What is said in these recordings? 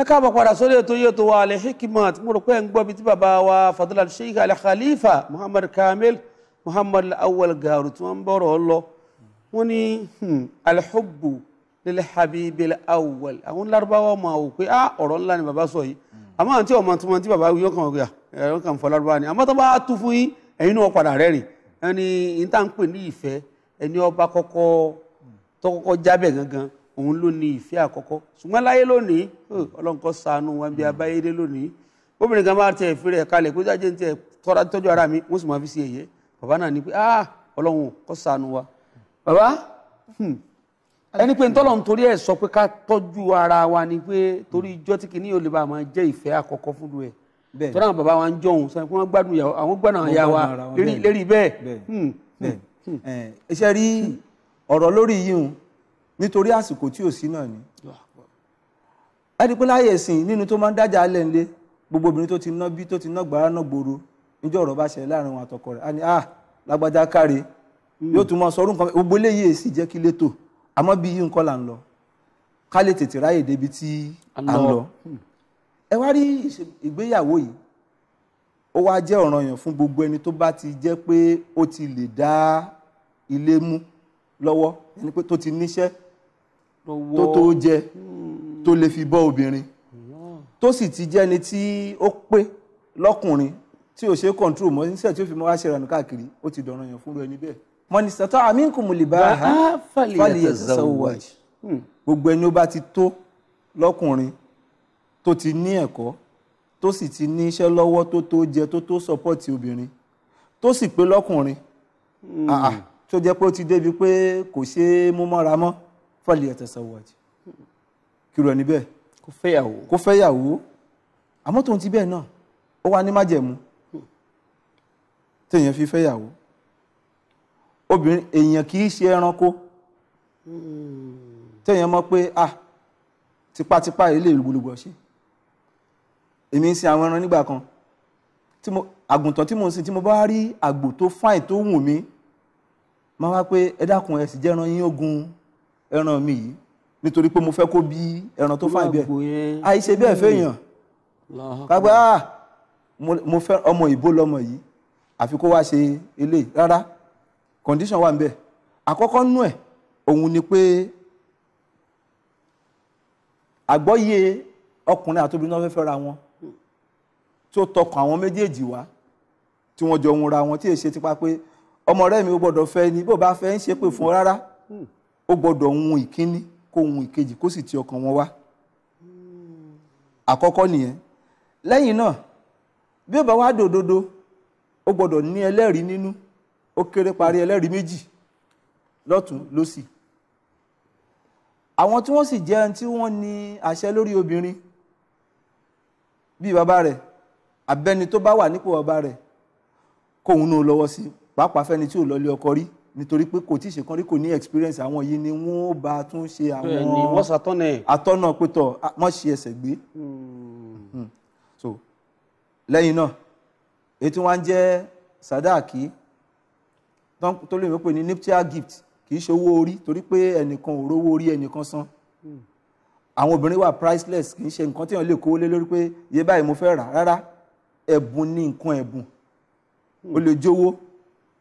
ẹ káàbọ̀ padà sórí ètò yìí ètò wa alẹ́ hikmat mo rò pé ń gbọ́ bí tí bàbá wa fadúlà sheikh alẹ́ khalifa muhammad kamil muhammad awal garu tí wọ́n ń bọ̀rọ̀ lọ wọ́n ní hmm, alḥubu lílẹ̀ habibi awal àwọn larubawa máa wò pé ah ọ̀rọ̀ ńlá ni bàbá sọ yìí àmọ́ àti ọmọ tí wọ́n ti bàbá yóò kàn wọ́n ah, ẹ̀rọ kàn fọ́ larubawa ni àmọ́ tó bá tú fún yín ẹ̀yin náà padà rẹ́rìn ẹni ìta ń pè ní ìfẹ́ ẹni ọba kọ́kọ́ tó kọ́kọ́ jábẹ̀ gangan òun ló ní ìfẹ́ àkọ́kọ́ ṣùgbọ́n láyé lónìí ọlọ́nkọ́ sànù wọn bí abáyédé lónìí obìnrin kan máa tẹ ìfẹ́ rẹ̀ kalẹ̀ pé jáde ń tẹ tọ́ra tọ́jú ara mi wọ́n sì máa fi ṣe èyẹ bàbá náà ní pé ah ọlọ́run kọ́ sànù wa bàbá ẹni pé ntọ́lọ̀ ń torí ẹ̀ sọ pé ká tọ́jú ara wa ni pé torí ijọ́ tí kìíní yóò lè bá máa jẹ́ ìfẹ́ àkọ́kọ́ fún ẹ tọ́lá àwọn bàbá wa ń jọ̀hún sọ pé wọ́n gbádùn nítorí àsìkò tí ò sí náà ni ẹni pé láyè ẹ̀sìn nínú tó máa ń dájà alẹ́ ńlé gbogbo obìnrin tó ti ná bí tó ti ná gbàrà náà gbòòrò níjọ́ ọ̀rọ̀ bá ṣẹlẹ̀ láàrin wọn àtọkọ rẹ̀ á ah lágbájá káre hmm. yóò tún mọ sọrú nǹkan gbogbo eléyìí èsì jẹ́ kí lè tò àmọ́ bí yìí nǹkan là ń lọ ká lè tètè ráyè débi tí à ń lọ ẹ wá rí ìgbéyàwó yìí ó wá jẹ́ ọ̀ranyàn fún gbogbo ẹni tó bá ti jẹ́ pé ó ti lè dá ilé mú lọ́wọ́ ẹni pé tó ti níṣẹ́ tó tó jẹ hmm. tó lè fi bọ́ obìnrin tó sì ti jẹ́ni tí ó pé lọ́kùnrin tí ò ṣe control mọ́ níṣẹ́ tí ó fi mọ́ wá ṣe ìrànú káàkiri ó ti dọ̀ràn yàn fúnra ẹni bẹ́ẹ̀ mọ́nìsítọ́ àmínkùmù lè bá a fàlìyẹ sọ́wọ́j hmm. gbogbo ẹni ó bá ti tó lọ́kùnrin tó ti ní ẹ̀kọ́ tó sì ti ní iṣẹ́ lọ́wọ́ tó tó jẹ tó tó sọ́pọ́ọ̀tì obìnrin tó sì pé lọ́kùnrin hmm. ah, ah. tó jẹ́ pé ó ti débi pé kò ṣeé mú mọ́ra mọ́ falyatazawwaj kí ló ẹni bẹ́ẹ̀ kó fẹ́yàwó kó fẹ́yàwó àmọ́ tòun ti bẹ́ẹ̀ náà ó wà ní májẹ̀mú hmm. téèyàn fi fẹ́yàwó obìnrin èèyàn kì í ṣe ẹranko hmm. téèyàn mọ̀ pé ah tipátipá yìí lè gbólógbò ṣe èmi ń sin àwọn ẹran nígbà kan tí mo àgùntàn tí mo ń sin tí mo bá rí àgbò tó fáìn tó wù mí máa wá pé ẹ dákun ẹ sì jẹ́ran yín ogun ẹran mi yìí nítorí pé mo fẹ́ kó bí ẹran tó fà bẹ́ẹ̀ àìṣe bẹ́ẹ̀ fẹ́yàn kágbá ah, mo fẹ́ ọmọ ìbò lọmọ yìí àfi kó wá ṣe eléyìí rárá condition wà ń bẹ̀ àkọ́kọ́ nú ẹ̀ òun ni pé àgbọ́yé ọkùnrin àti obìnrin náà fẹ́ fẹ́ra wọn tí ó tọkàn àwọn méjèèjì wá tí wọ́n jọ ń ra wọn tí èsì tipa pé ọmọ rẹ̀ mi ò gbọ́dọ̀ fẹ́ ni bó bá fẹ́ ń ṣépè fún ọ rárá. Hmm ó gbọ́dọ̀ hun ìkíní kó hun ìkejì kó sì ti ọkàn wọn wá àkọ́kọ́ nìyẹn lẹ́yìn náà bí ó bá wá dòdodo ó gbọ́dọ̀ ní ẹlẹ́rìí nínú ó kéré parí ẹlẹ́rìí méjì lọ́tún lọ́sì àwọn tí wọ́n sì jẹ́ ẹni tí wọ́n ní àṣẹ lórí obìnrin bíi bàbá rẹ̀ abẹ́ni tó bá wà nípò bàbá rẹ̀ kóun náà lọ́wọ́ sí pàápàá fẹ́ni tí ò lọ́ọ́ lé ọkọ rí nítorí pé kò tí ì ṣe kan rí kò ní experience àwọn yìí ni wọ́n bá tún ṣe àwọn atọ́nà pétọ̀ wọ́n ṣe ẹsẹ̀ gbé hmm. so lẹ́yìn náà èyí tí wọ́n ń jẹ́ sadaki tó lè wọ́n pè ní nuptial gift kì í ṣe owó orí torí pé ẹnìkan ò rówó orí ẹnìkan san hmm. àwọn obìnrin wà priceless kì í ṣe nǹkan tí wọ́n lè kówó lé lórí pé iye báyìí mo fẹ́ rà rárá ẹ̀bùn ni nǹkan ẹ̀bùn hmm. ó lè jówó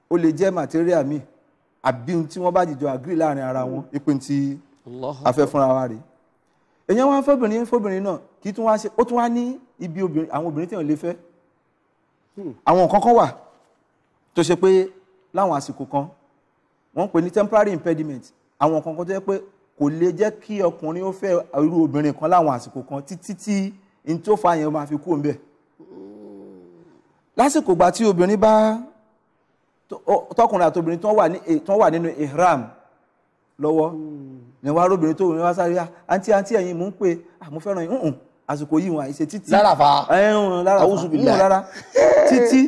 ó lè jẹ́ material míì àbí ohun tí wọ́n bá jìjọ agree láàrin ara wọn mm. ìpín tí a fẹ́ fúnra wa rèé èyàn wá fẹ́bìnrin fẹ́bìnrin náà kì í tún wá ṣe ó tún wá ní ibi obìnrin àwọn obìnrin téèyàn lè fẹ́ hmm. àwọn nǹkan kan wà tó ṣe pé láwọn àsìkò kan wọ́n ń pè ní temporary impediment àwọn nǹkan kan tó jẹ́ pé kò lè jẹ́ kí ọkùnrin ó fẹ́ irú obìnrin kan láwọn àsìkò kan títí tí n tó fa yẹn máa fi kú òun bẹ̀ hmm. lásìkò ìgbà tí obìnrin bá tọkùnrin àtobìnrin tó eh, wà nínú ihram lọ́wọ́ hmm. ni wàá róbìnrin tó wọ́n wá sáré àǹtí ah, àǹtí ẹ̀yin mò ń pè àmú fẹ́ràn yín àsìkò yìí wọn àìṣe títí lára fa àwùsùbìlà lára títí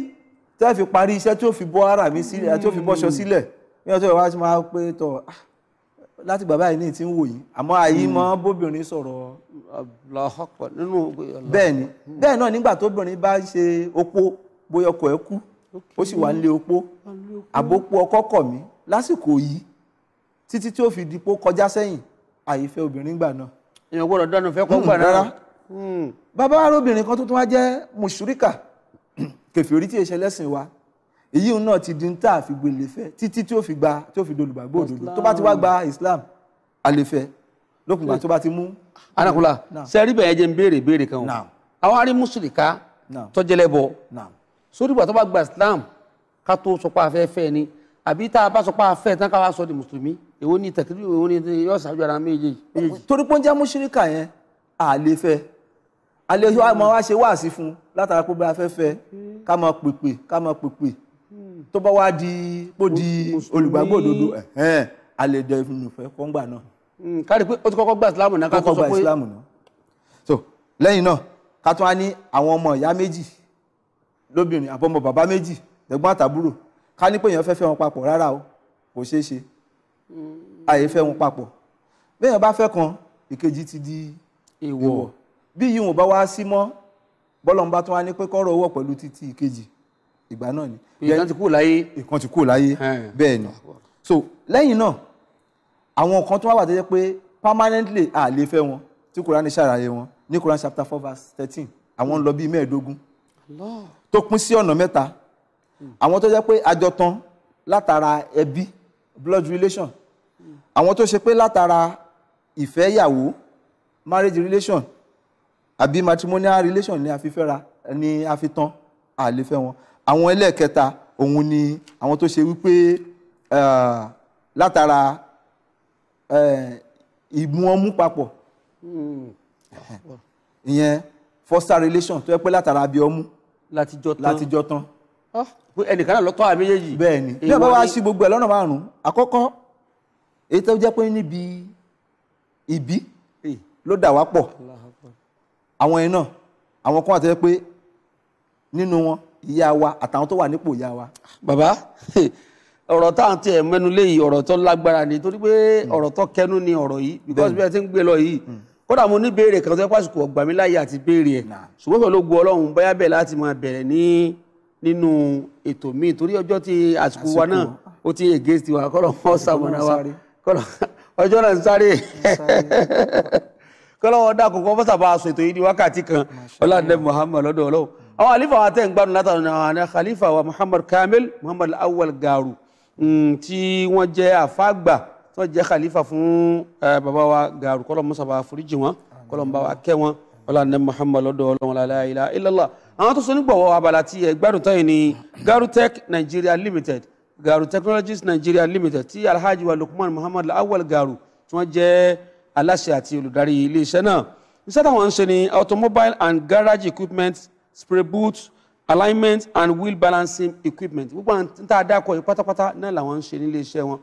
tí a fi parí iṣẹ́ tí ó fi bọ́ ara mi sílẹ̀ tí ó fi bọ́ṣọ hmm. sílẹ̀ ní ọjọ́ ìwájú máa pé tọ̀ ah, láti bàbá yìí ní ti ń wò yìí àmọ́ àyí hmm. mọ́ bóbìnrin sọ̀rọ̀ bẹ́ẹ̀ ni bẹ́ẹ̀ náà nígbà tóbìnrin bá ṣe opó bóyá ọkọ ẹ̀ kú ó sì wà nílé opó àbópo ọkọ kọ̀ mí lásìkò yìí títí tí ó fi di pó kọjá sẹ́yìn àyífẹ́ obìnrin gbà náà. èèyàn gbọ́dọ̀ dánú fẹ́ kọ́ hmm, gbà rárá. Hmm. bàbá arúbìnrin kan tó tún wá jẹ́ mùsùríkà kèfèrí tí èṣẹ lẹ́sìn wa èyí náà ti di ń tà fi gbélé fẹ́ títí tí ó fi gba tí ó fi dolùgbàgbọ́ òdodo tó bá ti wá gba Islam àlefẹ́ lókùnbà tó bá ti mú. anakunla sẹ́ẹ̀rí bẹ̀yẹ̀ jẹ́ ń béèrè béèrè kan o àwọn arí mùsùlùkà tọ́jẹ́lẹ́bọ sórí ìgbà tó bá gba Islam ká tó sọ pé afẹ́fẹ́ ni àbí tá a bá sọ pé afẹ́ tán ká wá sọ di mùsùlùmí èwo ni tẹ̀kírí èwo ni yóò ṣáájú ara méjèèjì. torí pé ó ń jẹ́ mùṣírìkà yẹn àlè fẹ́ àlè máa wá ṣe wáàsí fún látara pé bá fẹ́ fẹ́ ká máa pèpè ká máa pèpè tó bá wá di pò di olùgbàgbọ́ òdodo àlè jẹ ìfúnnufẹ́ kọ́ngbà náà. Hmm, kárí pé ó ti kọ́kọ́ gba Islam náà ká tó sọ pé lẹ́yìn náà ká tún á ní àwọn ọmọ ìyá méjì lóbìnrin àbọ̀mọ bàbá méjì ẹ̀gbọ́n àtàbúrò ká ní pé èèyàn fẹ́ fẹ́ wọn papọ̀ rárá o kò ṣeé ṣe àyè fẹ́ wọn papọ̀ bẹ́ẹ̀ bá fẹ́ kan ìkejì ti di èèwọ̀ bí yìí wọn bá wá sí mọ́ bọ́lọ́mùbá tó wá ní pé kọ́rọ̀ owó pẹ̀lú títí ìkejì ìgbà náà ni. ìkan ti kú láyé. ìkan ti kú láyé bẹ́ẹ̀ ni so lẹ́yìn náà àwọn kan tó wá wà tó pé permanently a lè fẹ́ wọn tí Kùránì ṣàlàyé wọn ní Kùránì chapter four verse thirteen àwọn ń lọ bíi mẹ́ẹ̀ẹ́dógún tó pín sí ọ̀nà mẹ́ta àwọn tó jẹ́ pé àjọtán látara ẹbí blood relation àwọn tó ṣe pé látara ìfẹ́yàwó marriage relation àbí matrimonial relation ni a fi fẹ́ra ni a fi tán a lè fẹ́ wọn àwọn ẹlẹ́ẹ̀kẹta òun ni àwọn tó ṣe wípé látara ìmú ọmú papọ̀ hmm. ìyẹn foster relation tó yẹ pé látara bí ọmú látijọ́ tán látijọ́ tán. Oh. ẹnìkan náà lọ́tọ́ àmì yéyì. bẹ́ẹ̀ni bí ọba wa ṣe gbogbo ẹ lọ́nà márùn-ún àkọ́kọ́ èyí tó jẹ́ pé níbi ìbí ló dà wá pọ̀ àwọn yẹn náà àwọn kan àtẹ́wé pé nínú wọn ìyá wa àtàwọn tó wà nípò ìyá wa. bàbá ọ̀rọ̀ tá à ń tiẹ̀ mẹ́nu léyìí ọ̀rọ̀ tó lágbára ni torí pé hmm. ọ̀rọ̀ tó kẹnu ni ọ̀rọ̀ yìí because bí ẹ ti ń gbé lọ yìí. Hmm kódà mo ní béèrè kan tó pàṣẹ kò gbà mí láyè àti béèrè ẹ̀ ṣùgbọ́n pẹ̀lú ògùn ọlọ́run bóyá bẹ̀ láti máa bẹ̀rẹ̀ ní nínú ètò míì torí ọjọ́ tí àsìkò wa náà ó ti ègé tiwa kọ́lọ̀ wọn sàmọ̀nà wa kọ́lọ̀ ọjọ́ náà ń sáré kọ́lọ̀ wọn dákun kọ́ fọ́sàbà aṣọ ètò yìí ní wákàtí kan ọlọ́dẹ Muhammad lọ́dọ̀ ọlọ́run àwọn àlífà wa tẹ̀ ń gbádùn látàrí àwọn khalifa wa Muhammad Kamil Muhammad Awwal Garu mm, tí wọ́n jẹ́ àfáàgbà tí wọ́n khalifa fún bàbá wa gàrú kọ́lọ̀ mọ́sàbà àforíjì wọn kọ́lọ̀ ń wa kẹ́ wọn ọlá ní muhammad lọ́dọ̀ ọlọ́run la ilaha illallah àwọn tó so nígbọ̀wọ́ abala ti ẹ̀ gbádùn táyì ní garutech nigeria limited garu technologies nigeria limited ti alhaji wa lukman muhammad awal garu tí wọ́n jẹ́ aláṣẹ àti olùdarí iléeṣẹ́ náà iṣẹ́ táwọn ń ṣe ni automobile and garage equipment spray boot alignment and wheel balancing equipment gbogbo àwọn tá a dákọ̀ yìí pátápátá náà làwọn ń ṣe ní iléeṣẹ́ wọn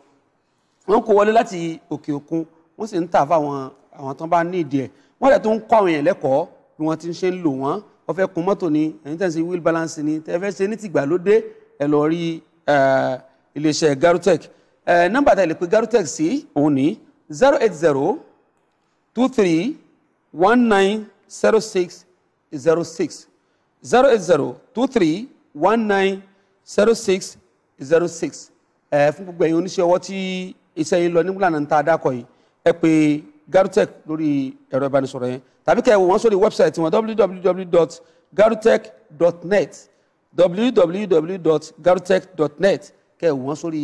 wọ́n kó wọlé láti òkè òkun wọ́n sì ń tà fáwọn àwọn tó bá ní ìdí ẹ̀ wọ́n dẹ̀ tó ń kọ́ àwọn èèyàn lẹ́kọ̀ọ́ bí wọ́n ti ń ṣe ń lò wọ́n wọ́n fẹ́ kun mọ́tò ni ẹ̀yin tẹ̀ ń ṣe wheel balance ni tẹ̀ fẹ́ ṣe ní tìgbàlódé ẹ lọ rí iléeṣẹ́ Garutech nọ́mbà tẹ̀ lè Garutech sí òun ní zero eight zero two three one nine zero six zero six zero eight zero two three one nine zero six zero six fún gbogbo ẹ̀yin oníṣẹ́ ọwọ́ tí iṣẹ́ yìí lọ nígbàlànà tá a yìí ẹ pé garutech lórí ẹ̀rọ ìbánisọ̀rọ̀ yẹn tàbí kẹ́ ẹ wò wọ́n sórí wẹ́bsáìtì wọn www.garutech.net www.garutech.net kẹ́ ẹ wò wọ́n sórí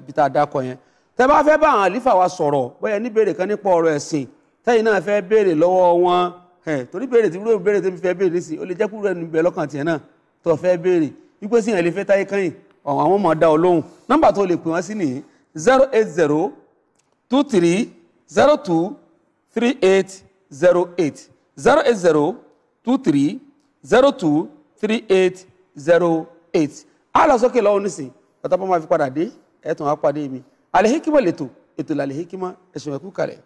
ibi tá a dákọ̀ yẹn tẹ́ bá fẹ́ bá àwọn àlífà wa sọ̀rọ̀ bóyá ní béèrè kan nípa ọ̀rọ̀ ẹ̀sìn tẹ́yìn náà fẹ́ béèrè lọ́wọ́ wọn torí béèrè tí béèrè tí mi fẹ́ béèrè sí o lè jẹ́ kúrò ẹni bẹ̀ lọ́kàn tiẹ̀ náà tó fẹ́ béèrè wípé sí yẹn lè fẹ́ táyé kẹ́yìn àwọn ọmọ ọ̀dà olóhùn nọ́mbà tó lè pè wọ́n sí nìyí zero eight zero two three zero two three eight zero eight zero eight zero two three zero two three eight zero eight a lọ sókè lọ́wọ́ nísìnyí bàtà bá máa fi padà dé ẹ̀ tún mi àlèhíkímọ̀ lètò ètò làlèhíkímọ̀ ẹ̀sùn ẹ̀kú kalẹ̀.